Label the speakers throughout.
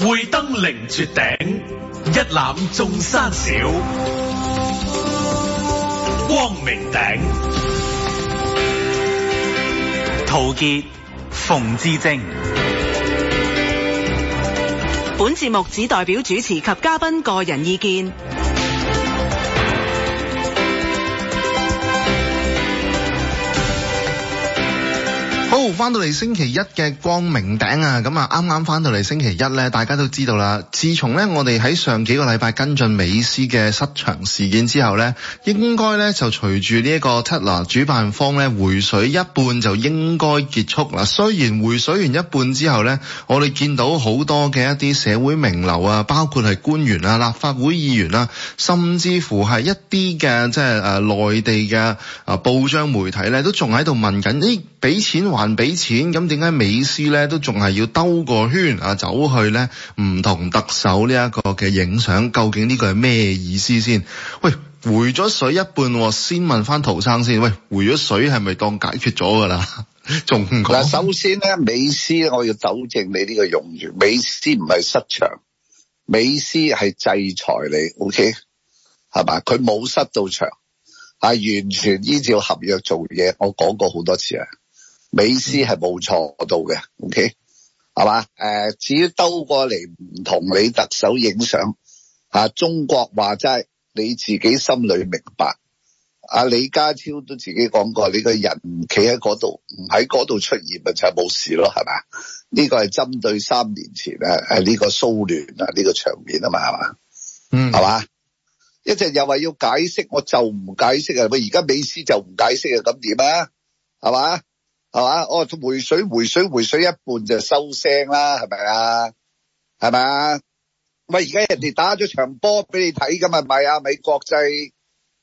Speaker 1: 會登凌絕頂，一覽眾山小。光明頂。陶傑、馮智政。
Speaker 2: 本節目只代表主持及嘉賓個人意見。翻、哦、到嚟星期一嘅光明頂啊，咁啊，啱啱翻到嚟星期一呢，大家都知道啦。自從呢，我哋喺上幾個禮拜跟進美斯嘅失場事件之後呢，應該呢，就隨住呢一個 Tatler，主辦方呢回水一半就應該結束啦。雖然回水完一半之後呢，我哋見到好多嘅一啲社會名流啊，包括係官員啊、立法會議員啊，甚至乎係一啲嘅即係誒內地嘅啊、呃、報章媒體呢，都仲喺度問緊咦？俾錢還俾錢，咁點解美斯咧，都仲係要兜個圈啊，走去咧，唔同特首呢一個嘅影相？究竟呢個係咩意思先？喂，回咗水一半，哦，先問翻陶生先。喂，回咗水係咪當解決咗噶啦？仲講嗱，
Speaker 3: 首先咧，美斯我要糾正你呢個用語，美斯唔係失場，美斯係制裁你。OK，係嘛？佢冇失到場，係完全依照合約做嘢。我講過好多次啊。美斯係冇錯到嘅，OK 係嘛？誒，至於兜過嚟，唔同你特首影相啊，中國話齋，係你自己心裏明白。啊李家超都自己講過，你個人企喺嗰度，唔喺嗰度出現咪就係冇事咯，係嘛？呢個係針對三年前啊，呢個蘇聯啊呢個場面啊嘛，係嘛？
Speaker 1: 嗯，
Speaker 3: 係嘛？一陣又話要解釋，我就唔解釋啊！我而家美斯就唔解釋啊，咁點啊？係嘛？係嘛？哦，回水回水回水一半就收聲啦，係咪啊？係嘛？喂，而家人哋打咗場波俾你睇噶嘛？咪啊美國際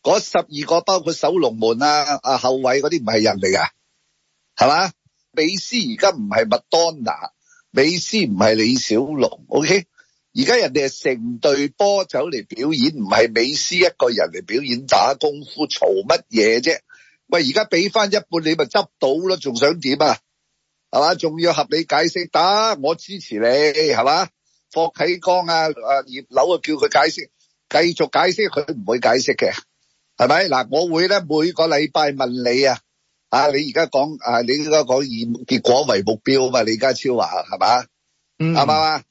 Speaker 3: 嗰十二個包括守龍門啊啊後衛嗰啲唔係人嚟噶，係嘛？美斯而家唔係麥當娜，美斯唔係李小龍，OK？而家人哋係成隊波走嚟表演，唔係美斯一個人嚟表演打功夫，嘈乜嘢啫？喂，而家俾翻一半你咪執到咯，仲想點啊？係嘛，仲要合理解釋，打我支持你，係嘛？霍啟剛啊，阿葉劉啊，叫佢解釋，繼續解釋，佢唔會解釋嘅，係咪？嗱，我會咧每個禮拜問你啊，啊，你而家講啊，你而家講以結果為目標啊嘛，李家超話係嘛？
Speaker 2: 啱唔
Speaker 3: 啱啊？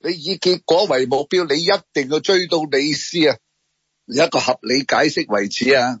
Speaker 3: 你以結果為目標，你一定要追到美斯啊，一個合理解釋為止啊！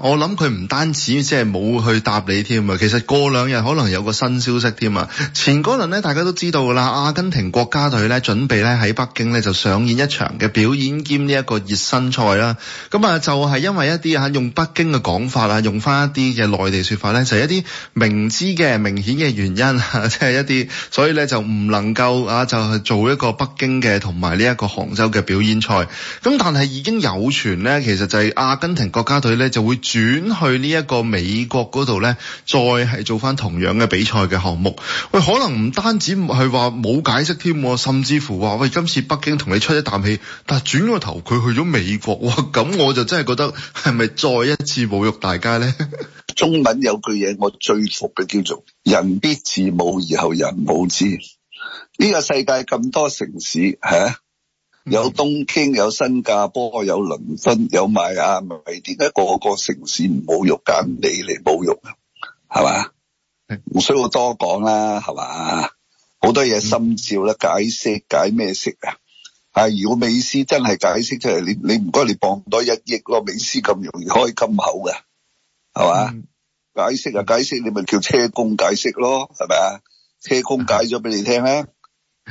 Speaker 2: 我諗佢唔單止即係冇去答你添啊，其實過兩日可能有個新消息添啊。前嗰輪大家都知道㗎啦，阿根廷國家隊咧準備咧喺北京咧就上演一場嘅表演兼呢一個熱身賽啦。咁啊就係因為一啲嚇用北京嘅講法啊，用翻一啲嘅內地説法呢，就係一啲明知嘅明顯嘅原因啊，即係一啲，所以呢，就唔能夠啊就係做一個北京嘅同埋呢一個杭州嘅表演賽。咁但係已經有傳呢，其實就係阿根廷國家隊呢就會。轉去呢一個美國嗰度咧，再係做翻同樣嘅比賽嘅項目，喂，可能唔單止係話冇解釋添，甚至乎話喂，今次北京同你出一啖氣，但係轉個頭佢去咗美國，哇，咁我就真係覺得係咪再一次侮辱大家咧？
Speaker 3: 中文有句嘢我最服嘅叫做“人必自侮，而後人侮之。這」呢個世界咁多城市吓。啊有東京，有新加坡，有倫敦，有埋啊！咪點解個個城市唔侮辱揀你，嚟侮辱啊？係嘛？唔 需要我多講啦，係嘛？好多嘢心照啦，解釋解咩釋啊？啊、哎，如果美斯真係解釋出嚟，你你唔該你磅多一億咯，美斯咁容易開金口噶，係嘛？ 解釋啊，解釋你咪叫車公解釋咯，係咪啊？車公解咗俾你聽啦，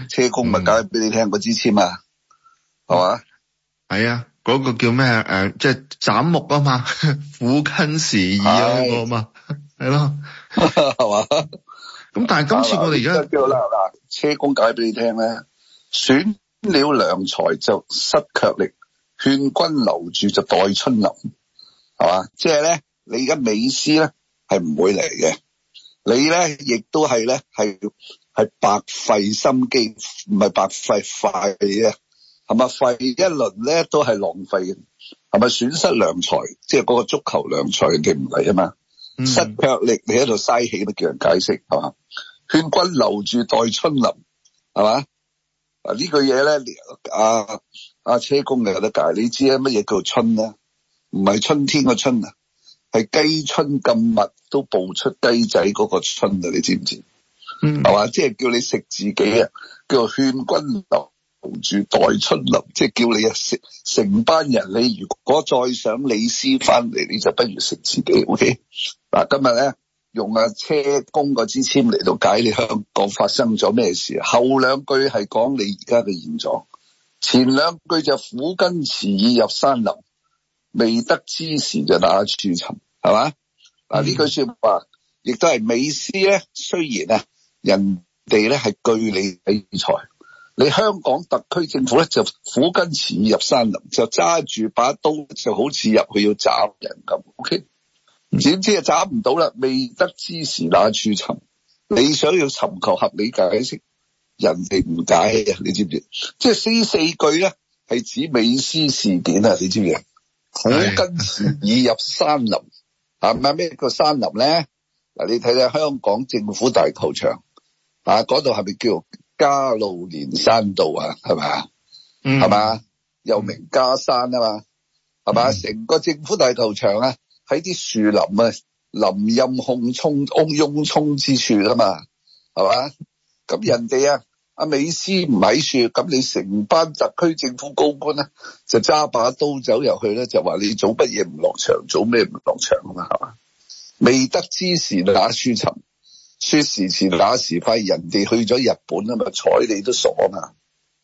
Speaker 3: 車公咪解俾你聽個支籤啊！係嘛？
Speaker 2: 係 啊，嗰、那個叫咩？誒、呃，即係斬木啊嘛，苦根時易嗰啊
Speaker 3: 嘛，係咯，係 嘛樂？咁、啊、 但係今次我哋而家叫啦，嗱，車公解俾你聽、啊、咧，選了良才就失卻力，勸君留住就待春林，係嘛？即係咧，你而家美斯咧係唔會嚟嘅，呢你咧亦都係咧係係白費心機，唔係白費快。嘅。係咪廢一輪咧都係浪費？係咪損失良才？即係嗰個足球良才佢唔嚟啊嘛？嗯、失腳力你喺度嘥氣都叫人解釋係嘛？勸君留住待春林？係嘛？啊呢句嘢咧，阿、啊、阿、啊、車公你有得解。你知啊乜嘢叫做春咧？唔係春天個春啊，係雞春咁密都爆出雞仔嗰個春啊！你知唔知？嗯，係嘛？即係叫你食自己啊！叫做勸君留。住待春林，即係叫你啊成成班人，你如果再想美斯翻嚟，你就不如食自己。OK，嗱今日咧用阿車公嗰支簽嚟到解你香港發生咗咩事，後兩句係講你而家嘅現狀，前兩句就苦根遲已入山林，未得之時就打處尋，係嘛？嗱呢、嗯、句說話亦都係美斯咧，雖然啊人哋咧係據理理財。你香港特區政府咧就苦根似入山林，就揸住把刀就好似入去要斬人咁。O K，點知啊斬唔到啦，未得之時哪處尋？你想要尋求合理解釋，人哋唔解釋，你知唔知？即係呢四句咧，係指美斯事件啊，你知唔知？苦根似已入山林，係咪咩叫山林咧？嗱，你睇睇香港政府大球場，啊，嗰度係咪叫？加路連山道啊，係嘛，係嘛，嗯，又名加山啊嘛，係嘛，成個政府大球場啊，喺啲樹林啊，林蔭空冲空擁冲之處啊嘛，係嘛，咁人哋啊，阿美斯唔喺處，咁你成班特區政府高官咧，就揸把刀走入去咧，就話你做乜嘢唔落場，做咩唔落場啊嘛，係嘛，吧未得之時打輸尋。說時遲，那時快，人哋去咗日本啊嘛，睬你都傻嘛，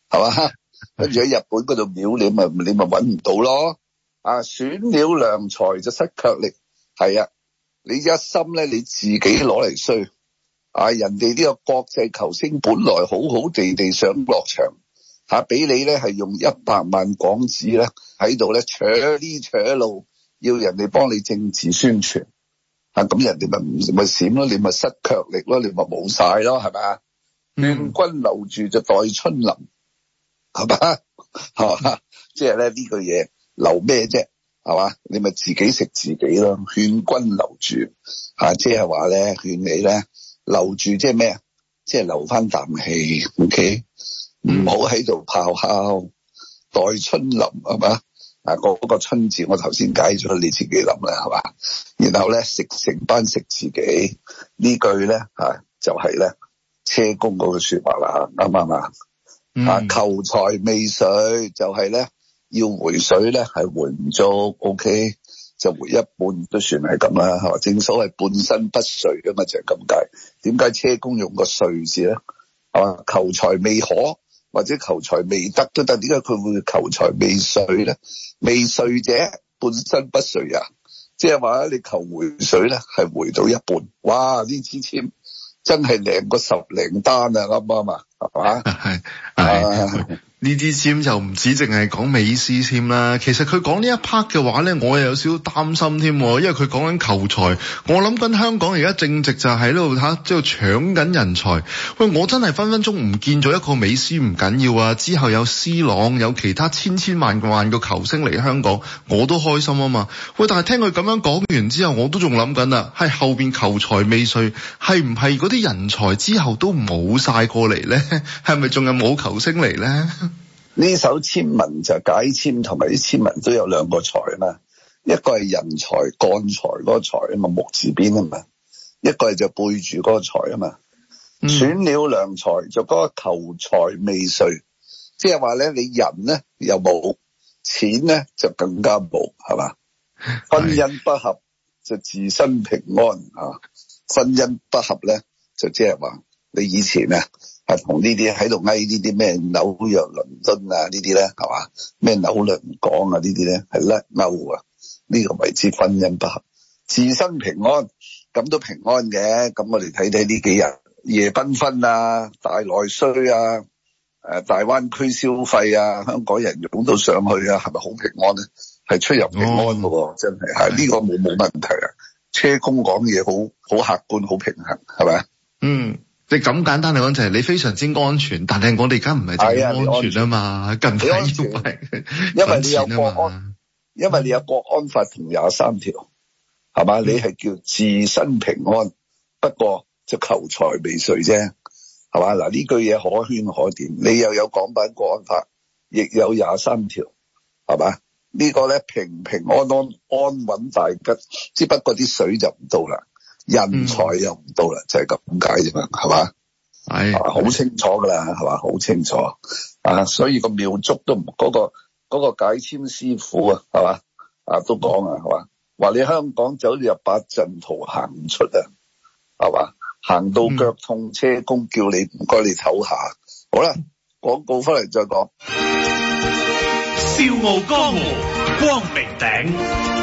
Speaker 3: 係嘛？跟住喺日本嗰度秒你，咪你咪揾唔到咯。啊，選了良才就失卻力，係啊！你一心咧，你自己攞嚟衰啊！人哋呢個國際球星本來好好地地想落場，吓、啊、俾你咧係用一百萬港紙咧喺度咧扯呢扯路，要人哋幫你政治宣傳。啊，咁人哋咪唔咪閃咯，你咪失卻力咯，你咪冇晒咯，係嘛？勸、mm. 嗯、君留住就待春林，係嘛？即係咧呢句嘢留咩啫？係嘛？你咪自己食自己咯。勸君留住啊，即係話咧勸你咧留住，即係咩？即係留翻啖氣，OK？唔好喺度咆哮，待春林，係嘛？啊！嗰、那個春字我頭先解咗，你自己諗啦，係嘛？然後咧，食成班食自己句呢句咧，嚇、啊、就係、是、咧車公嗰個説話啦，啱、啊、啱、嗯、啊？求財未遂就係、是、咧要回水咧，係回唔足，OK 就回一半都算係咁啦，係嘛？正所謂半身不遂啊嘛，就係咁解。點解車公用個遂字咧？係嘛？求財未可。或者求財未得都得，點解佢會求財未遂咧？未遂者半身不遂啊！即係話你求回水咧，係回到一半。哇！呢支籤真係靚過十零單啊，啱唔啱啊？係嘛？
Speaker 2: 係。呢啲籤就唔止淨係講美斯籤啦，其實佢講呢一 part 嘅話呢，我又有少少擔心添，因為佢講緊求財，我諗緊香港而家正值就喺度嚇，即係搶緊人才。喂，我真係分分鐘唔見咗一個美斯唔緊要啊！之後有 C 朗，有其他千千萬萬個球星嚟香港，我都開心啊嘛。喂，但係聽佢咁樣講完之後，我都仲諗緊啊，係後邊求財未遂，係唔係嗰啲人才之後都冇晒過嚟呢？係咪仲有冇球星嚟呢？
Speaker 3: 呢首簽文就解簽，同埋啲簽文都有兩個財啊嘛，一個係人才、干財嗰個財啊嘛，木字邊啊嘛，一個係就背住嗰個財啊嘛，嗯、選了良財就嗰個求財未遂，即係話咧你人咧又冇，錢咧就更加冇，係嘛？ 婚姻不合就自身平安啊，婚姻不合咧就即係話你以前咧。啊，同呢啲喺度挨呢啲咩紐約、倫敦啊呢啲咧，係嘛咩紐、倫港啊呢啲咧，係甩嬲啊！呢、這個為之婚姻不合，自身平安咁都平安嘅。咁我哋睇睇呢幾日夜繽紛啊，大內需啊，誒、呃、大灣區消費啊，香港人湧到上去啊，係咪好平安咧？係出入平安噶、啊，真係啊！呢、哦、個冇冇問題啊！車公講嘢好好客觀，好平衡，係咪？嗯。
Speaker 2: 你咁簡單嚟講就係、是、你非常之安全，但係我哋而家唔係淨係安全啊嘛，安全近
Speaker 3: 排因為你有國安， 因為你有國安法同廿三條，係嘛？你係叫自身平安，嗯、不過就求財未遂啫，係嘛？嗱，呢句嘢可圈可點，你又有港版國安法，亦有廿三條，係嘛？這個、呢個咧平平安安安穩大吉，只不過啲水就唔到啦。人才又唔到啦，嗯、就係咁解啫嘛，係嘛，係好、哎呀啊、清楚噶啦，係嘛，好清楚啊，所以個廟祝都唔嗰、那個嗰、那個解籤師傅啊，係嘛啊都講、嗯、啊，係嘛話你香港走入八陣圖行唔出啊，係嘛行到腳痛，車公叫你唔該你唞下，好啦廣告翻嚟再講，
Speaker 1: 笑傲江湖光明頂。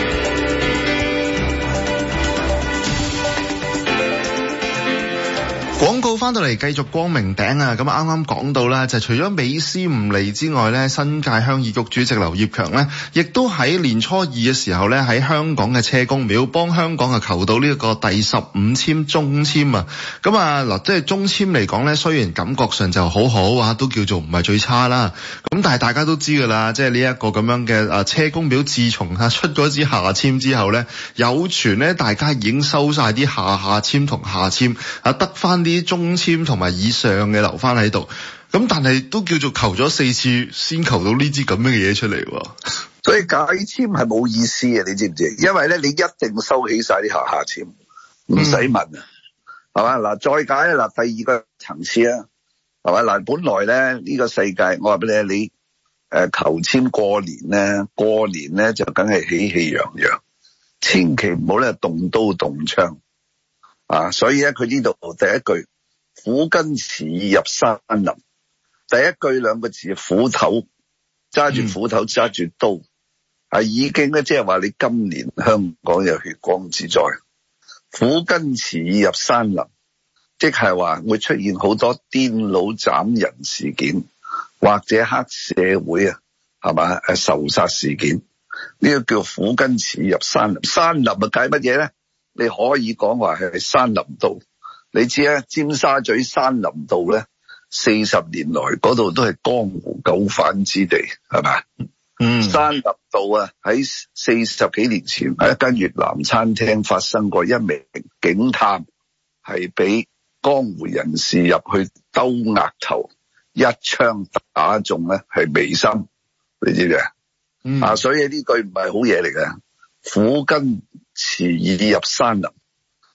Speaker 2: 翻到嚟繼續光明頂啊！咁啊，啱啱講到啦，就係除咗美斯唔嚟之外咧，新界鄉議局主席劉業強咧，亦都喺年初二嘅時候咧，喺香港嘅車公廟幫香港啊求到呢一個第十五簽中簽啊！咁啊嗱，即係中簽嚟講咧，雖然感覺上就好好啊，都叫做唔係最差啦。咁但係大家都知㗎啦，即係呢一個咁樣嘅啊車公廟，自從啊出咗支下簽之後咧，有傳咧大家已經收晒啲下下簽同下簽啊，得翻啲中。中簽同埋以上嘅留翻喺度，咁但係都叫做求咗四次先求到呢支咁樣嘅嘢出嚟，
Speaker 3: 所以解簽係冇意思嘅，你知唔知？因為咧你一定收起晒啲下下簽，唔使、嗯、問啊，係嘛嗱，再解嗱第二個層次啊，係嘛嗱本來咧呢、這個世界我話俾你你誒求簽過年咧，過年咧就梗係喜氣洋洋，千祈唔好咧動刀動槍啊，所以咧佢呢度第一句。斧根持入山林，第一句兩個字斧頭，揸住斧頭，揸住刀，係已經咧，即係話你今年香港有血光之災。斧根持入山林，即係話會出現好多癲佬斬人事件，或者黑社會啊，係嘛誒仇殺事件，呢個叫斧根持入山林。山林啊計乜嘢咧？你可以講話係山林道。你知啊，尖沙咀山林道咧，四十年來嗰度都係江湖狗販之地，係咪？嗯，山林道啊，喺四十幾年前喺一間越南餐廳發生過一名警探係俾江湖人士入去兜額頭，一槍打中咧係眉心，你知唔知啊？嗯，啊，所以呢句唔係好嘢嚟嘅，虎根遲疑入山林，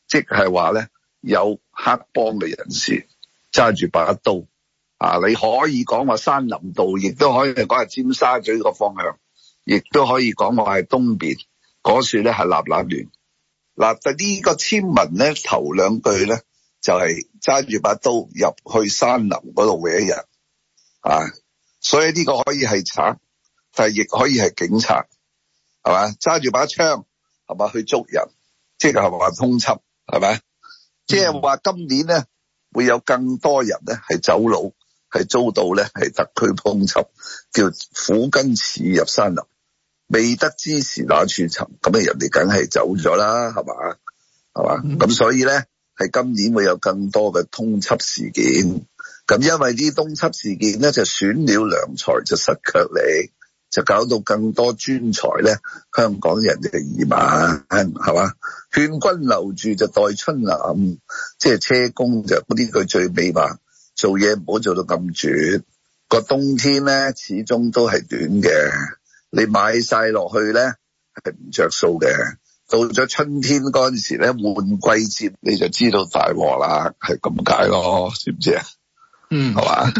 Speaker 3: 即係話咧。有黑幫嘅人士揸住把刀啊！你可以講話山林道，亦都可以講話尖沙咀個方向，亦都可以講話係東邊嗰處咧，係立立亂嗱。但、啊、呢、這個籤文咧，頭兩句咧，就係揸住把刀入去山林嗰度搵人啊，所以呢個可以係賊，但係亦可以係警察，係嘛？揸住把槍係嘛？去捉人，即係話通緝，係咪？即係話今年咧會有更多人咧係走佬，係遭到咧係特區通緝，叫苦根似入山林，未得之時哪處尋？咁啊人哋梗係走咗啦，係嘛？係嘛？咁所以咧係今年會有更多嘅通緝事件，咁因為啲通緝事件咧就選了良才就失卻你。就搞到更多專才咧，香港人嘅疑問，係嘛？勸君留住就待春臨，即係車公就呢句、那個、最尾話。做嘢唔好做到咁絕，個冬天咧始終都係短嘅。你買晒落去咧係唔着數嘅。到咗春天嗰陣時咧，換季節你就知道大鑊啦，係咁解咯，知唔知啊？嗯，
Speaker 2: 係嘛？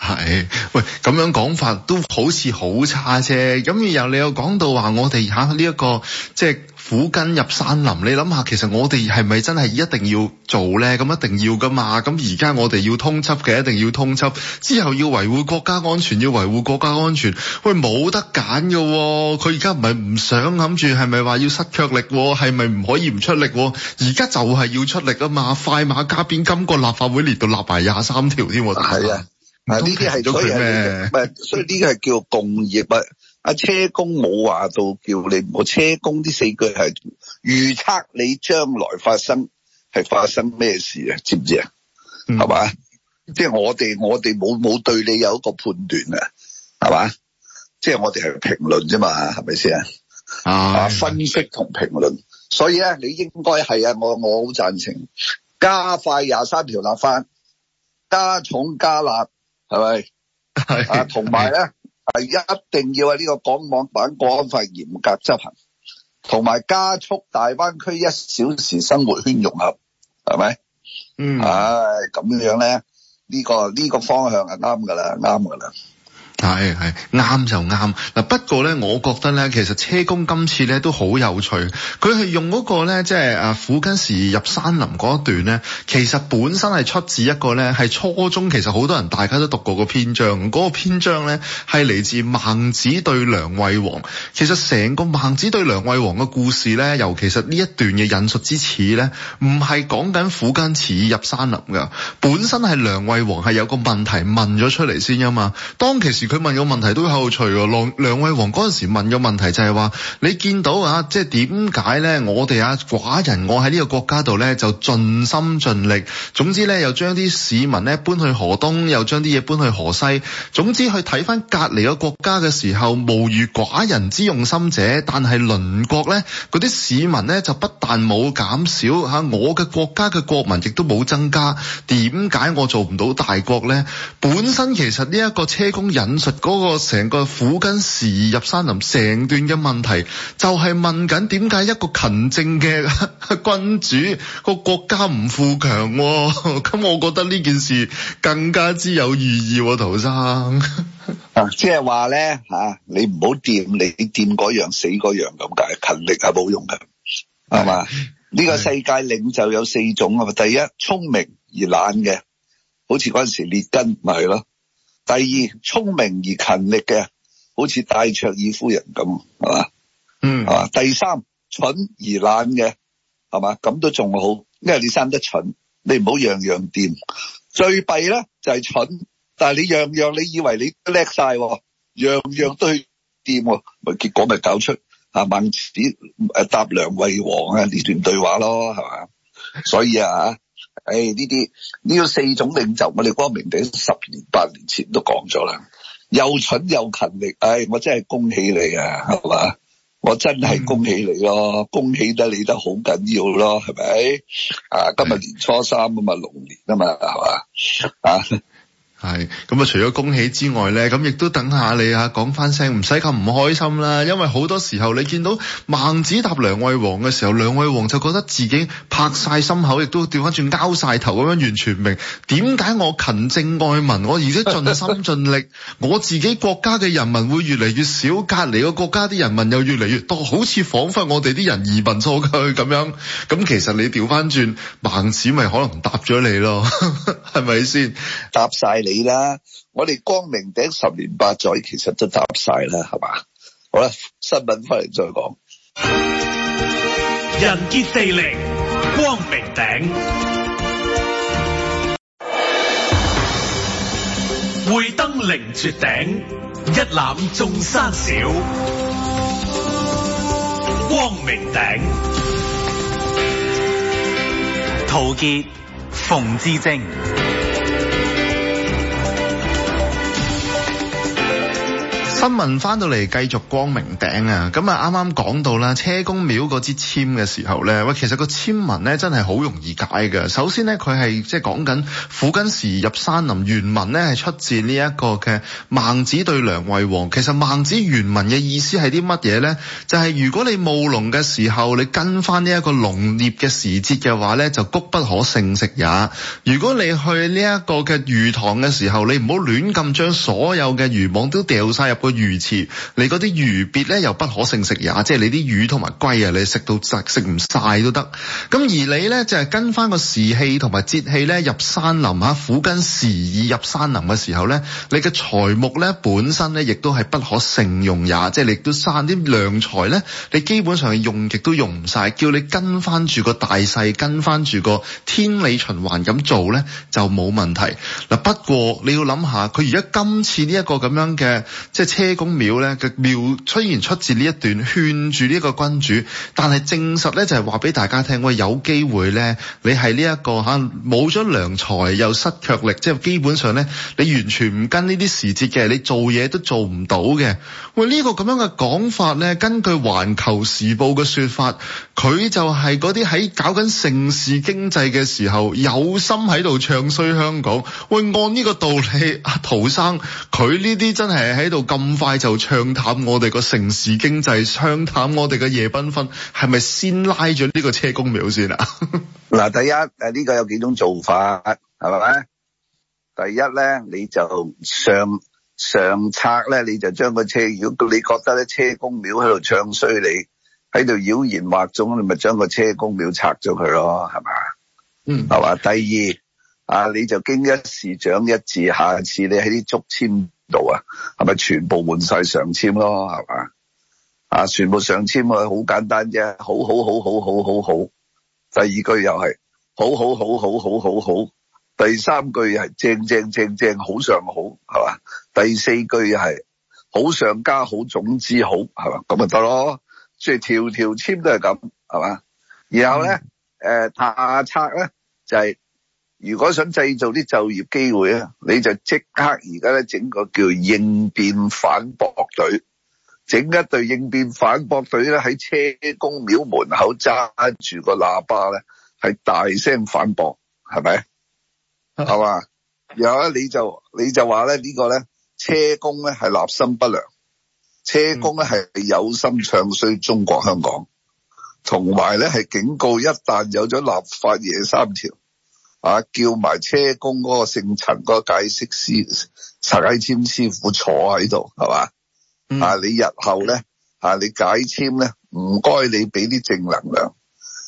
Speaker 2: 係喂，咁樣講法都好似好差啫。咁、嗯、然後你又講到話、這個，我哋吓呢一個即係苦根入山林。你諗下，其實我哋係咪真係一定要做咧？咁一定要噶嘛？咁而家我哋要通緝嘅，一定要通緝之後要維護國家安全，要維護國家安全。喂，冇得揀噶、哦，佢而家唔係唔想諗住，係咪話要失卻力、哦？係咪唔可以唔出力、哦？而家就係要出力啊嘛！快馬加鞭，今個立法會連到立埋廿三條添，係啊。
Speaker 3: 呢啲係，所以係唔係？所以呢啲係叫共業。阿、啊、車公冇話到叫你。我車公呢四句係預測你將來發生係發生咩事啊？知唔知啊？係嘛、嗯？即係、就是、我哋我哋冇冇對你有一個判斷、就是、啊？係嘛？即係我哋係評論啫嘛？係咪先啊？分析同評論。所以咧、啊，你應該係啊！我我好贊成加快廿三條立法，加重加辣。係咪？係啊，同埋咧，係一定要喺呢個港網版國安法嚴格執行，同埋加速大灣區一小時生活圈融合，係咪？嗯，唉，咁樣咧，呢個呢個方向係啱噶啦，啱噶啦。
Speaker 2: 係係啱就啱嗱，不過咧，我覺得咧，其實車公今次咧都好有趣，佢係用嗰個咧，即係阿虎根士入山林嗰一段咧，其實本身係出自一個咧，係初中其實好多人大家都讀過個篇章，嗰個篇章咧係嚟自孟子對梁惠王。其實成個孟子對梁惠王嘅故事咧，尤其是呢一段嘅引述之始咧，唔係講緊虎根士入山林㗎，本身係梁惠王係有個問題問咗出嚟先啊嘛，當其時。佢問個問題都后除喎，梁，梁惠王嗰陣時問個問題就係話，你見到啊，即係點解咧？我哋啊寡人，我喺呢個國家度咧就盡心盡力。總之咧，又將啲市民咧搬去河東，又將啲嘢搬去河西。總之去睇翻隔離個國家嘅時候，無如寡人之用心者。但係鄰國咧嗰啲市民咧就不但冇減少吓，啊，我嘅國家嘅國民亦都冇增加。點解我做唔到大國咧？本身其實呢一個車公籤。嗰個成個苦根時入山林，成段嘅問題就係問緊點解一個勤政嘅君主個國家唔富強？咁 我覺得呢件事更加之有意義喎，陶生。
Speaker 3: 即係話咧嚇，你唔好掂你掂嗰樣死嗰樣咁解，勤力係冇用嘅，係嘛？呢個世界領袖有四種啊嘛，第一聰明而懶嘅，好似嗰陣時列根咪係咯。就是第二聰明而勤力嘅，好似戴卓爾夫人咁，係嘛？嗯，係嘛？第三蠢而懶嘅，係嘛？咁都仲好，因為你生得蠢，你唔好樣樣掂。最弊咧就係蠢，但係你樣樣你以為你叻晒，樣樣都掂，咪結果咪搞出啊孟子誒答、啊、梁惠王啊呢段對話咯，係嘛？所以啊。誒，呢啲呢個四種領袖，我哋光明頂十年八年前都講咗啦，又蠢又勤力，唉、哎，我真係恭喜你啊，係嘛，我真係恭喜你咯，恭喜得你得好緊要咯，係咪？啊，今日年初三啊嘛，龍年啊嘛，係嘛，啊！
Speaker 2: 係，咁啊、嗯、除咗恭喜之外呢，咁亦都等下你啊講翻聲，唔使咁唔開心啦。因為好多時候你見到孟子答梁惠王嘅時候，梁惠王就覺得自己拍晒心口，亦都調翻轉拗晒頭咁樣，完全唔明點解我勤政愛民，我而且盡心盡力， 我自己國家嘅人民會越嚟越少，隔離個國家啲人民又越嚟越多，好似彷彿我哋啲人移民錯區咁樣。咁、嗯、其實你調翻轉孟子，咪可能答咗
Speaker 3: 你咯，係咪先？答晒你。啦，我哋光明頂十年八載，其實都答晒啦，係嘛？好啦，新聞翻嚟再講。
Speaker 1: 人傑地靈，光明頂，會登凌絕頂，一覽眾山小。光明頂，陶傑、馮智政。
Speaker 2: 新聞翻到嚟繼續光明頂啊！咁啊啱啱講到啦，車公廟嗰支籤嘅時候呢，喂，其實個籤文呢，真係好容易解嘅。首先呢，佢係即係講緊斧斤以時入山林。原文呢，係出自呢一個嘅孟子對梁惠王。其實孟子原文嘅意思係啲乜嘢呢？就係、是、如果你務農嘅時候，你跟翻呢一個農業嘅時節嘅話呢，就穀不可勝食也。如果你去呢一個嘅魚塘嘅時候，你唔好亂咁將所有嘅魚網都掉晒入去。魚池，你嗰啲魚鱉咧又不可勝食也，即係你啲魚同埋龜啊，你食到曬食唔晒都得。咁而你呢，就係、是、跟翻個時氣同埋節氣呢，入山林嚇，斧、啊、斤以時入山林嘅時候呢，你嘅材木呢，本身呢，亦都係不可勝用也，即係你亦都散啲良材呢，你基本上用極都用唔晒。叫你跟翻住個大勢，跟翻住個天理循環咁做呢，就冇問題。嗱，不過你要諗下，佢而家今次呢一個咁樣嘅即係車公廟咧嘅廟，雖然出自呢一段勸住呢個君主，但係證實咧就係話俾大家聽，喂，有機會咧、這個，你係呢一個嚇冇咗良才又失卻力，即係基本上咧，你完全唔跟呢啲時節嘅，你做嘢都做唔到嘅。喂，呢、這個咁樣嘅講法咧，根據《環球時報》嘅說法，佢就係嗰啲喺搞緊盛事經濟嘅時候，有心喺度唱衰香港。喂，按呢個道理，阿陶生佢呢啲真係喺度咁。咁快就唱淡我哋個城市經濟，唱淡我哋嘅夜繽紛，係咪先拉咗呢個車公廟先啊？
Speaker 3: 嗱， 第一誒，呢、啊，這個有幾種做法，係咪第一咧，你就上上策咧，你就將個車，車如果你覺得咧車公廟喺度唱衰你，喺度妖言惑眾，你咪將個車公廟拆咗佢咯，係咪？嗯，係嘛？第二啊，你就經一事長一智，下次你喺啲竹簽。度啊，係咪全部換晒上籤咯，係嘛？啊，全部上籤啊，好簡單啫，好好好好好好好。第二句又係好好好好好好好。第三句係正正正正，正好上好，係嘛？第四句又係好上加好，總之好，係嘛？咁咪得咯，即係條條籤都係咁，係嘛？然後咧，誒、嗯，下策咧就係、是。如果想製造啲就業機會啊，你就即刻而家咧整個叫應變反駁隊，整一隊應變反駁隊咧喺車公廟門口揸住個喇叭咧，係大聲反駁，係咪？係嘛？ 然後咧你就你就話咧呢個咧車公咧係立心不良，車公咧係有心唱衰中國香港，同埋咧係警告一旦有咗立法廿」三條。啊！叫埋車公嗰個姓陳嗰個解釋師解籤師傅坐喺度，係嘛？嗯、啊！你日後咧，啊！你解籤咧，唔該你俾啲正能量，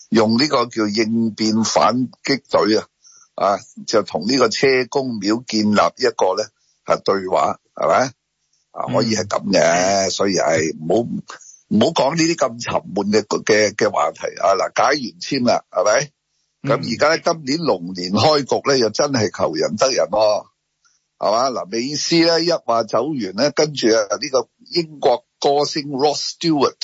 Speaker 3: 用呢個叫應變反擊隊啊！啊！就同呢個車公廟建立一個咧係、啊、對話，係咪、嗯？啊，可以係咁嘅，所以係唔好唔好講呢啲咁沉悶嘅嘅嘅話題啊！嗱，解完籤啦，係咪？咁而家今年龍年開局咧，又真係求人得人喎，係嘛？嗱，美斯咧一話走完咧，跟住啊呢個英國歌星 Rod Stewart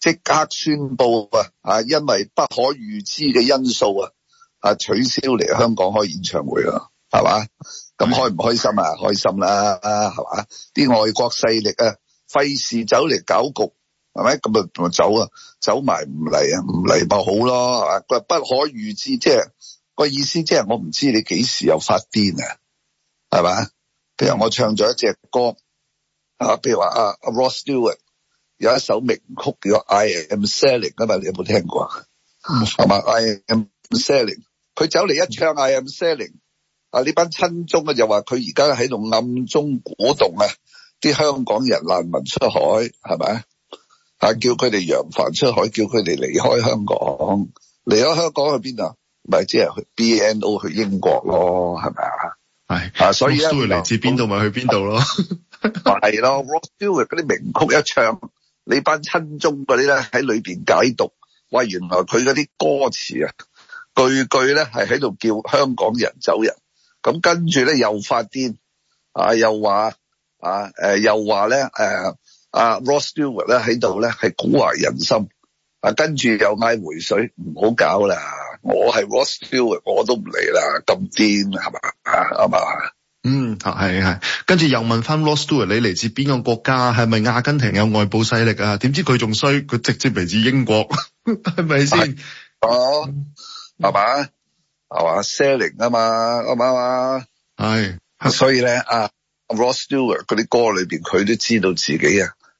Speaker 3: 即刻宣布啊，啊因為不可預知嘅因素啊啊取消嚟香港開演唱會咯，係嘛？咁開唔開心啊？開心啦，啊係嘛？啲外國勢力啊，費事走嚟搞局。係咪咁啊？咪走啊，走埋唔嚟啊？唔嚟咪好咯，係嘛？個不可預知，即係個意思，即係我唔知你幾時又發癲啊？係咪？譬如我唱咗一隻歌，啊，譬如話阿阿 Rod Stewart 有一首名曲叫 I Am Sailing 吖嘛，你有冇聽過啊？係嘛，嗯，I Am Sailing，佢走嚟一唱 I Am Sailing，啊，呢班親中啊，就話佢而家喺度暗中鼓動啊，啲香港人難民出海，係咪？啊！叫佢哋揚帆出海，叫佢哋離開香港，離開香港去邊度？咪即係去 BNO 去英國咯，係咪啊？係啊，所以咧，都會嚟自邊度咪去邊度咯。係咯，Rock Stewart 嗰啲名曲一唱，你班親中嗰啲咧喺裏邊解讀，喂，原來佢嗰啲歌詞啊，句句咧係喺度叫香港人走人。咁跟住咧又發癲啊！又話啊誒，又話咧誒。呃呃呃呃呃呃呃呃阿 Ross Stewart 咧喺度咧係蠱惑人心，啊跟住又嗌回水，唔好搞啦！我係 Ross Stewart，我都唔嚟啦，咁癲係嘛啊啱嘛？嗯，
Speaker 2: 係係，跟住又問翻 Ross Stewart，你嚟自邊個國家？係咪阿根廷有外部勢力啊？點知佢仲衰，佢直接嚟自英國，
Speaker 3: 係咪先？哦，係嘛，係嘛，Selling 啊嘛，啱唔啱啊？係，所以咧，阿 Ross Stewart 嗰啲歌裏邊，佢都知道自己啊。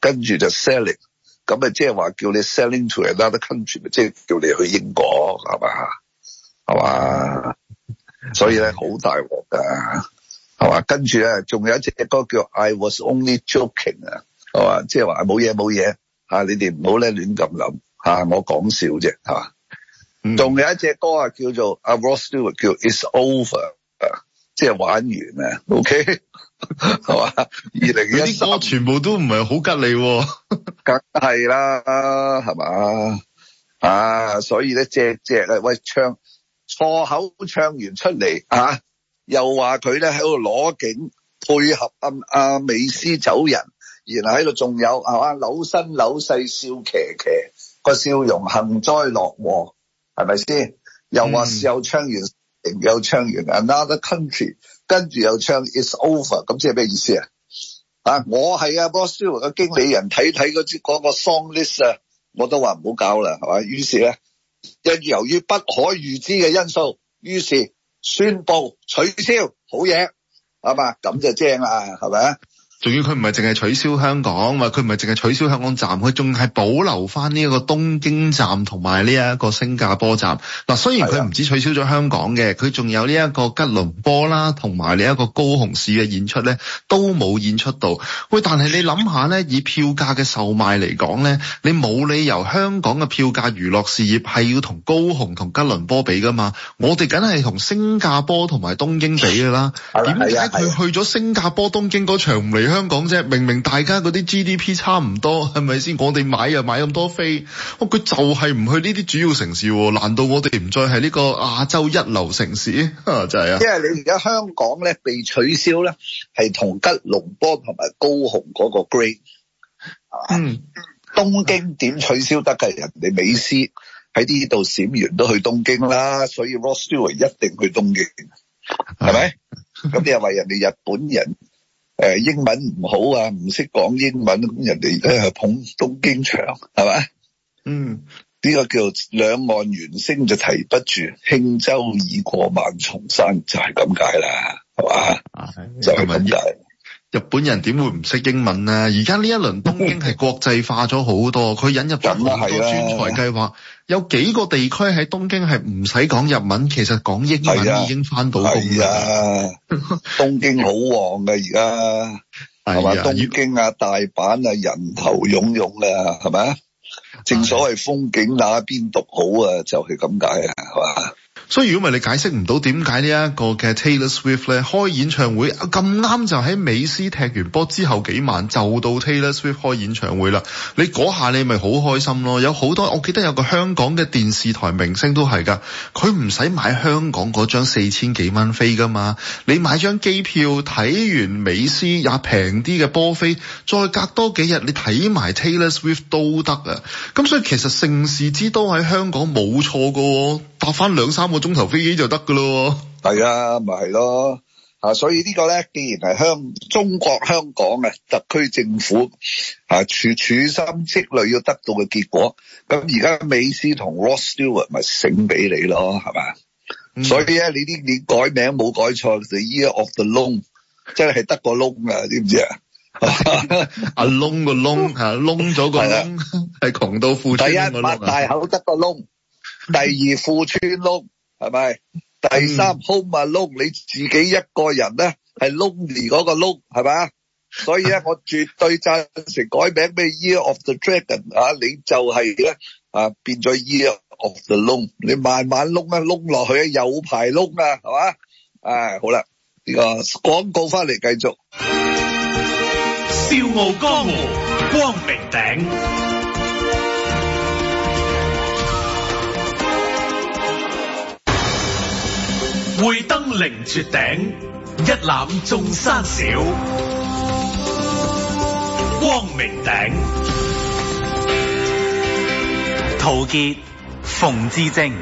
Speaker 3: 跟住就 selling，咁啊，即係話叫你 selling to another country，即係叫你去英國，係嘛？係嘛？所以咧，好大鑊噶係嘛？跟住咧，仲有一隻歌叫 I was only joking 啊係嘛？即係話冇嘢冇嘢吓，你哋唔好咧亂咁諗吓，我講笑啫，係嘛？仲、嗯、有一隻歌啊叫做 Rod Stewart 叫 It's Over 啊，即係、就是、玩完啊，OK。係嘛？二零一三全部都唔係好吉利，哦，梗係啦，係嘛？啊，所以咧，隻隻咧，喂，唱錯口唱完出嚟啊，又話佢咧喺度攞景配合啱，啊、啱美斯走人，然後喺度仲有係嘛？扭，啊、身扭勢笑騎騎個笑容幸災，幸災樂禍，係咪先？又話，嗯、又唱完，又唱完啊，Another Country。跟住又唱 It's over，咁即係咩意思啊？啊，我係阿波斯文嘅經理人，睇睇嗰支個 song list 啊，我都話唔好搞啦，係嘛？於是咧，因由於不可預知嘅因素，於是宣布取消，好嘢，係嘛？咁就正啦，係咪啊？
Speaker 2: 仲要佢唔係淨係取消香港嘛？佢唔係淨係取消香港站，佢仲係保留翻呢一個東京站同埋呢一個新加坡站。嗱，雖然佢唔止取消咗香港嘅，佢仲有呢一個吉隆坡啦，同埋呢一個高雄市嘅演出咧，都冇演出到。喂，但係你諗下咧，以票價嘅售賣嚟講咧，你冇理由香港嘅票價娛樂事業係要同高雄同吉隆坡比噶嘛？我哋梗係同新加坡同埋東京比噶啦。點解佢去咗新加坡東京嗰場香港啫，明明大家嗰啲 GDP 差唔多，係咪先我？我哋買啊買咁多飛，佢就係唔去呢啲主要城市。難道我哋唔再係呢個亞洲一流城市？就係啊！即係、啊
Speaker 3: 因為你而家香港咧被取消咧，係同吉隆坡同埋高雄嗰個 grade。嗯，東京點取消得噶？人哋美斯喺呢度閃完都去東京啦，所以 Ross Stewart 一定去東京，係咪？咁 你又話人哋日本人？誒，英文唔好啊，唔識講英文，咁人哋咧捧東京場，係咪？嗯，呢個叫做兩岸猿聲就啼不住，輕舟已過萬重山，就係咁解啦，係嘛？吧就係咁解。
Speaker 2: 日本人點會唔識英文咧？而家呢一輪東京係國際化咗好多，佢、嗯、引入咗好多專才計劃。有幾個地區喺東京係唔使講日文，其實講英文已經翻到工
Speaker 3: 㗎。東京好旺㗎而家，係嘛？東京啊、大阪啊，人頭湧湧啊，係咪？正所謂風景那邊獨好啊，就係咁解啊，係嘛？
Speaker 2: 所以如果唔係，你解釋唔到點解呢一個嘅 Taylor Swift 咧，開演唱會啊，咁啱就喺美斯踢完波之後幾晚就到 Taylor Swift 開演唱會啦，你嗰下你咪好開心咯！有好多我記得有個香港嘅電視台明星都係噶，佢唔使買香港張四千幾蚊飛噶嘛，你買張機票睇，完美斯也平啲嘅波飛，再隔多幾日你睇埋 Taylor Swift 都得啊！咁所以其實盛事之都喺
Speaker 3: 香港冇錯噶，搭翻兩三。個鐘頭飛機就得噶咯，係啊，咪係咯啊！所以呢個咧，既然係香中國香港嘅特區政府啊，處處心積慮要得到嘅結果，咁而家美斯同 Ross Stewart 咪醒俾你咯，係嘛？所以咧，你啲你改名冇改錯，就 the year of the loong 真係得個窿啊，知唔知啊？
Speaker 2: 啊窿個窿啊窿咗個窿，係窮到富穿個窿啊！第一，擘大口
Speaker 3: 得個窿，第二，富穿窿。係咪？第三，home 啊 loong，你自己一個人咧，係 lonely 嗰個 loong，係咪啊？所以咧，我絕對贊成改名俾 Year of the Dragon 啊！你就係咧啊，變咗 Year of the Loong，你慢慢 lon 啊，lon 落去啊，有排 lon 啊，係嘛？誒，好啦，呢個廣告翻嚟繼續。笑傲江
Speaker 1: 湖，光明頂。會登凌絕頂，一覽眾山小。光明頂，陶傑、馮智政。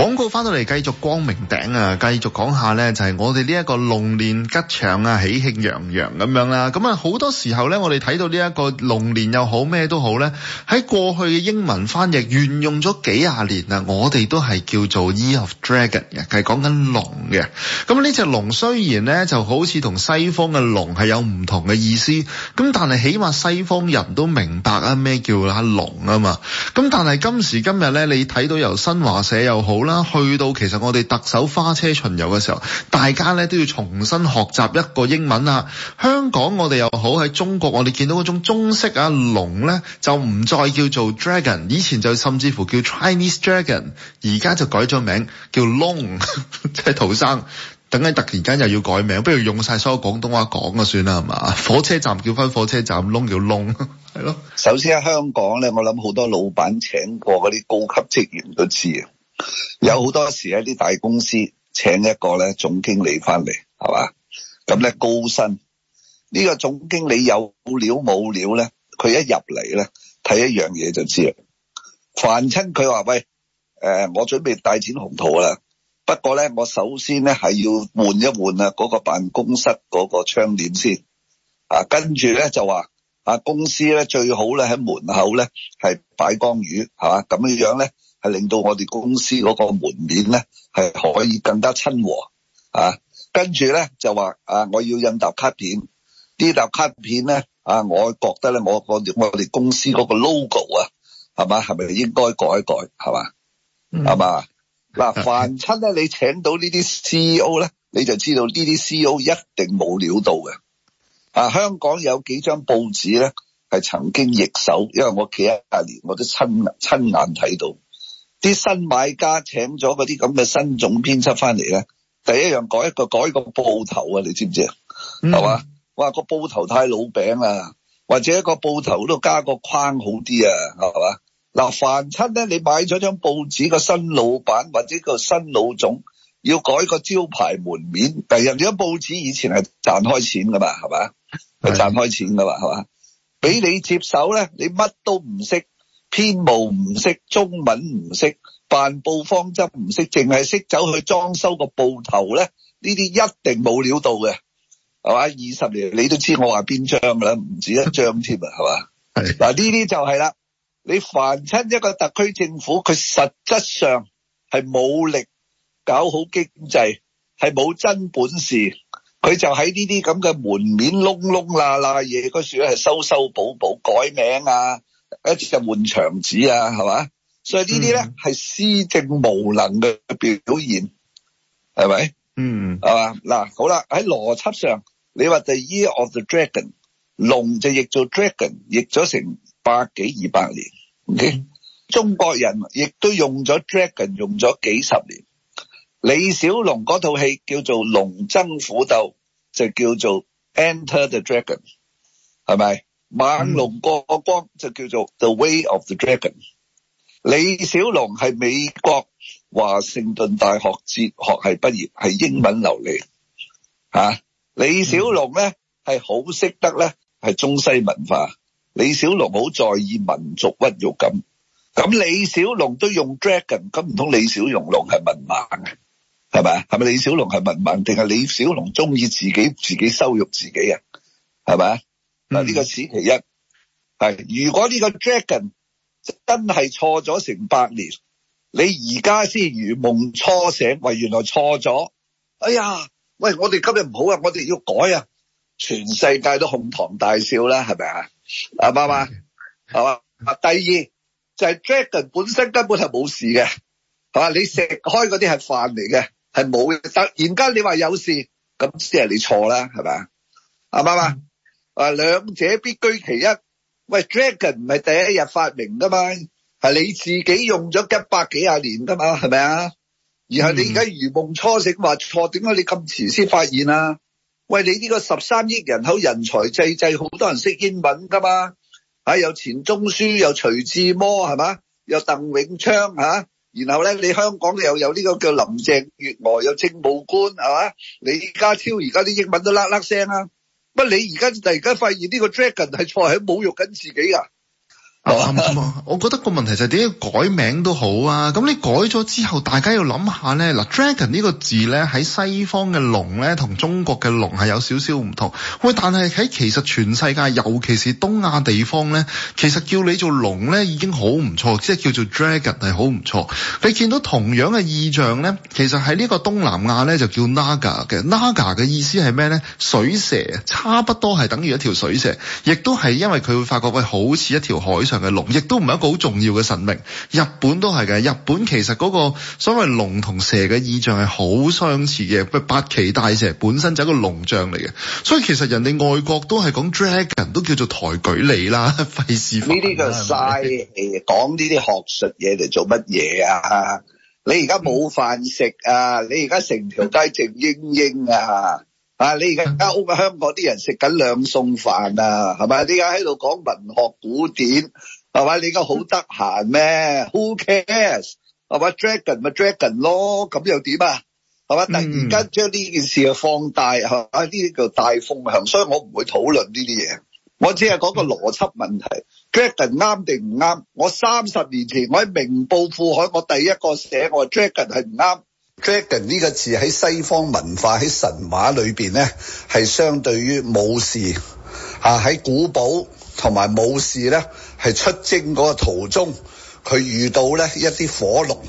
Speaker 2: 廣告翻到嚟，繼續光明頂啊！繼續講下呢，就係、是、我哋呢一個龍年吉祥啊，喜慶洋洋咁樣啦。咁、嗯、啊，好多時候呢，我哋睇到呢一個龍年又好咩都好呢，喺過去嘅英文翻譯沿用咗幾廿年啊。我哋都係叫做 Year of Dragon，嘅，係講緊龍嘅。咁呢隻龍雖然呢就好似同西方嘅龍係有唔同嘅意思，咁、嗯、但係起碼西方人都明白啊咩叫阿龍啊嘛。咁、嗯、但係今時今日呢，你睇到由新華社又好啦。去到其實我哋特首花車巡遊嘅時候，大家咧都要重新學習一個英文啦。香港我哋又好喺中國，我哋見到嗰種中式啊龍咧，就唔再叫做 dragon，以前就甚至乎叫 Chinese dragon，而家就改咗名叫 Long。 即係陶生，等緊突然間又要改名，不如用晒所有廣東話講啊，算啦，係嘛？火車站叫翻火車站，龍叫龍，係咯。
Speaker 3: 首先喺香港咧，我諗好多老闆請過嗰啲高級職員都知啊。有好多時喺啲大公司請一個咧總經理翻嚟，係嘛？咁咧高薪，呢個總經理有料冇料咧？佢一入嚟咧，睇一樣嘢就知啦。凡親佢話喂，誒，我準備大展宏圖啦，不過咧，我首先咧係要換一換啊，嗰個辦公室嗰個窗簾先啊，跟住咧就話啊，公司咧最好咧喺門口咧係擺缸魚，係嘛？咁嘅樣咧。係令到我哋公司嗰個門面咧，係可以更加親和啊。跟住咧就話啊，我要印沓卡，卡片呢？沓卡片咧啊，我覺得咧，我我哋公司嗰個 logo 啊，係嘛係咪應該改一改？係嘛係嘛嗱？凡親咧，你請到呢啲 C E O 咧，你就知道呢啲 C E O 一定冇料到嘅啊。香港有幾張報紙咧，係曾經易手，因為我企一隔年，我都親親眼睇到。啲新買家請咗嗰啲咁嘅新總編輯翻嚟咧，第一樣改一個改一個報頭啊，你知唔知啊？係嘛、嗯？哇，個報頭太老餅啦，或者個報頭都加個框好啲啊？係嘛？嗱，凡親咧，你買咗張報紙個新老闆或者個新老總要改個招牌門面，第二樣你報紙以前係賺開錢噶嘛？係嘛？係賺開錢噶嘛？係嘛是？俾你接手咧，你乜都唔識。編務唔識中文唔識辦報方針唔識，淨係識走去裝修個報頭咧，呢啲一定冇料到嘅，係嘛？二十年你都知我話邊張噶啦，唔止一張添啊，係嘛？係嗱，呢啲就係啦，你凡親一個特區政府，佢實質上係冇力搞好經濟，係冇真本事，佢就喺呢啲咁嘅門面窿窿罅罅嘢，嗰樹咧係修修補補、改名啊。一次就換牆紙啊，係嘛？所以呢啲咧係施政無能嘅表現，係咪？嗯、mm.，係嘛？嗱，好啦，喺邏輯上，你話 The Year of the Dragon，龍就譯做 Dragon，譯咗成百幾二百年。OK，mm. 中國人亦都用咗 Dragon，用咗幾十年。李小龍嗰套戲叫做《龍爭虎鬥》，就叫做 Enter the Dragon，係咪？猛龍過江就叫做 The Way of the Dragon。李小龍係美國華盛頓大學哲學係畢業，係英文流利吓。李小龍咧係好識得咧，係中西文化。李小龍好在意民族屈辱感。咁李小龍都用 Dragon，咁唔通李小龍龍係文盲啊？係咪啊？係咪李小龍係文盲定係李小龍中意自己自己羞辱自己啊？係咪啊？嗱呢、嗯、個此其一係，如果呢個 dragon 真係錯咗成百年，你而家先如夢初醒，喂原來錯咗，哎呀，喂我哋今日唔好啊，我哋要改啊，全世界都哄堂大笑啦，係咪啊？啱唔啱？嘛吧？啊、嗯、第二就係、是、dragon 本身根本係冇事嘅，係嘛，你食開嗰啲係飯嚟嘅，係冇嘅。突然間你話有事，咁即係你錯啦，係咪啊？啱唔話兩者必居其一。喂，dragon 唔係第一日發明噶嘛，係你自己用咗一百幾廿年噶嘛，係咪啊？而係你而家如夢初醒話錯，點解你咁遲先發現啊？喂，你呢個十三億人口，人才濟濟，好多人識英文噶嘛？吓，有錢鍾書，有徐志摩，係嘛？有鄧永昌，吓，然後咧，你香港又有呢個叫林鄭月娥，有政務官，係嘛？李家超而家啲英文都喇喇聲啊。你而家突然間發現呢個 dragon 係錯，喺侮辱緊自己啊。
Speaker 2: 啱、嗯嗯嗯、我覺得個問題就係點樣改名都好啊。咁你改咗之後，大家要諗下呢。嗱、啊、dragon 呢個字呢，喺西方嘅龍呢，同中國嘅龍係有少少唔同。喂，但係喺其實全世界，尤其是東亞地方呢，其實叫你做龍呢已經好唔錯，即係叫做 dragon 係好唔錯。你見到同樣嘅意象呢，其實喺呢個東南亞呢，就叫 naga 嘅。naga 嘅意思係咩呢？水蛇，差不多係等於一條水蛇，亦都係因為佢會發覺佢，好似一條海，長嘅龍，亦都唔係一個好重要嘅神明。日本都係嘅，日本其實嗰個所謂龍同蛇嘅意象係好相似嘅。八岐大蛇本身就係一個龍象嚟嘅，所以其實人哋外國都係講 dragon，都叫做抬舉你啦。費
Speaker 3: 事，呢啲就嘥講呢啲學術嘢嚟做乜嘢啊？你而家冇飯食啊？你而家成條街靜英英啊？啊！你而家間屋香港啲人食緊兩餸飯啊，係咪？你而家喺度講文學古典，係咪？你而家好得閒咩？Who cares？係咪？Dragon 咪 Dragon 咯，咁又點啊？係咪？突然間將呢件事嘅放大，係咪？呢啲叫大風向，所以我唔會討論呢啲嘢。我只係講個邏輯問題，Dragon 啱定唔啱？我三十年前我喺《明報》副刊，我第一個寫我 Dragon 係唔啱。Dragon，呢個字喺西方文化，喺神話裏邊咧，係相對於武士嚇喺、啊、古堡同埋武士咧係出征嗰個途中，佢遇到咧一啲火龍，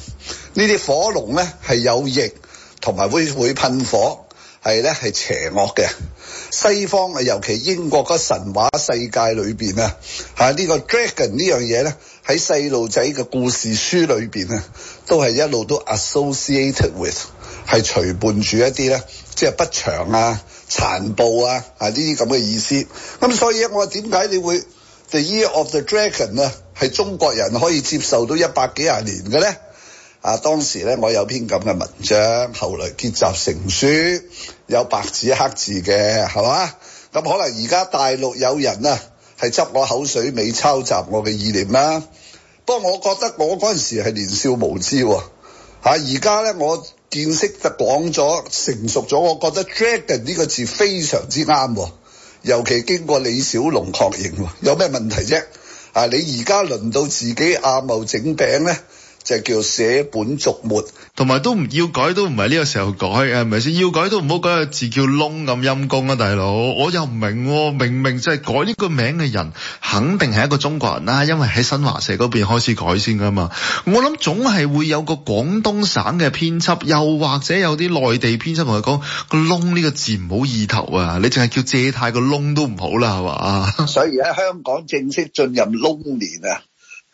Speaker 3: 呢啲火龍咧係有翼同埋會會噴火，係咧係邪惡嘅。西方啊，尤其英國嗰神話世界裏邊啊，嚇、這、呢個 dragon 個呢樣嘢咧。喺細路仔嘅故事書裏邊啊，都係一路都 associated with，係隨伴住一啲咧，即係不祥啊、殘暴啊啊呢啲咁嘅意思。咁所以我點解你會 The Year of the Dragon 啊，係中國人可以接受到一百幾廿年嘅咧？啊，當時咧我有篇咁嘅文章，後來結集成書，有白紙黑字嘅，係嘛？咁可能而家大陸有人啊。係執我口水尾抄襲我嘅意念啦，不過我覺得我嗰陣時係年少無知喎，嚇而家咧我見識就廣咗，成熟咗，我覺得 dragon 呢個字非常之啱，尤其經過李小龍確認，有咩問題啫？啊，你而家輪到自己阿茂整餅咧？就叫捨本逐末，
Speaker 2: 同埋都唔要改，都唔係呢個時候改，係咪先？要改都唔好改個字叫窿咁陰公啊，大佬！我又唔明、啊，明明就係改呢個名嘅人，肯定係一個中國人啦、啊，因為喺新華社嗰邊開始改先噶嘛。我諗總係會有個廣東省嘅編輯，又或者有啲內地編輯同佢講，個窿呢個字唔好意頭啊，你淨係叫借貸個窿都唔好啦、啊，係嘛？
Speaker 3: 所以而家香港正式進入窿年啊！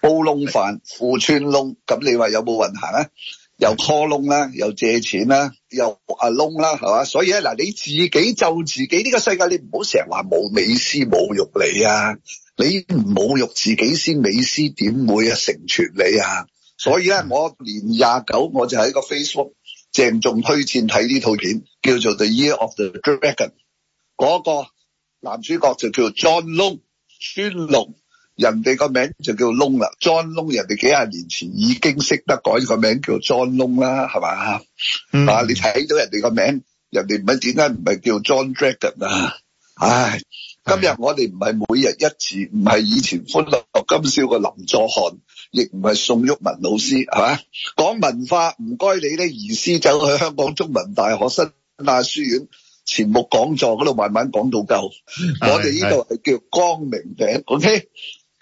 Speaker 3: 煲窿飯，富穿窿咁，你話有冇運行啊？又 call 窿啦，又借錢啦，又啊窿啦，係嘛？所以咧，嗱你自己就自己呢個世界，你唔好成日話冇美斯侮辱你啊！你唔侮辱自己先，美斯點會啊成全你啊？所以咧，我年廿九我就喺個 Facebook 鄭重推薦睇呢套片，叫做《The Year of the Dragon》。嗰個男主角就叫 John Lone，尊龍。人哋個名就叫窿啦，John 窿，人哋幾廿年前已經識得改個名叫 John 窿啦，係嘛？啊，你睇到人哋個名，人哋唔係點解唔係叫 John Dragon 啊？唉，今日我哋唔係每日一次，唔係以前歡樂今宵嘅林作漢，亦唔係宋玉文老師，係嘛？講文化唔該你咧，移師走去香港中文大學新亞書院錢穆講座嗰度慢慢講到夠，我哋呢度係叫光明頂，OK？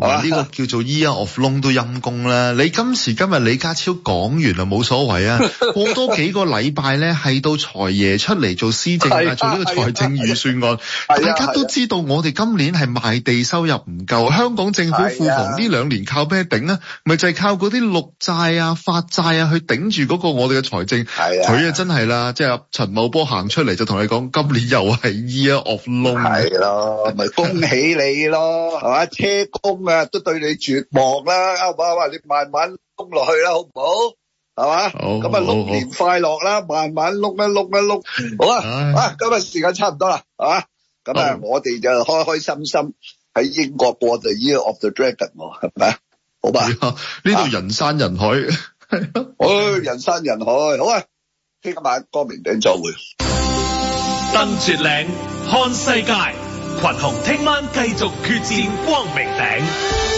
Speaker 2: 呢個叫做 year of long 都陰功啦！你今時今日李家超講完啦，冇所謂啊！過多幾個禮拜咧，係到財爺出嚟做施政啊，做呢個財政預算案，啊啊啊啊、大家都知道我哋今年係賣地收入唔夠，香港政府庫房呢兩年靠咩頂、就是、啊？咪就係靠嗰啲綠債啊、發債啊去頂住嗰個我哋嘅財政。係啊，佢啊真係啦，即係陳茂波行出嚟就同你講，今年又
Speaker 3: 係 year of long、啊。係咯，咪恭喜你咯，係嘛，車公、啊。都對你絕望啦，啱唔啱？你慢慢碌落去啦，好唔好？係嘛？好，咁啊碌年快樂啦，慢慢碌一碌一碌，好啊！啊，今日時間差唔多啦，係嘛？咁啊，我哋就開開心心喺英國過 The Year of the Dragon，係咪？好嘛，呢度人山人海，唉，人山人海，好啊！聽晚光明頂再會，登絕嶺
Speaker 1: 看世界。群雄聽晚繼續決戰光明頂。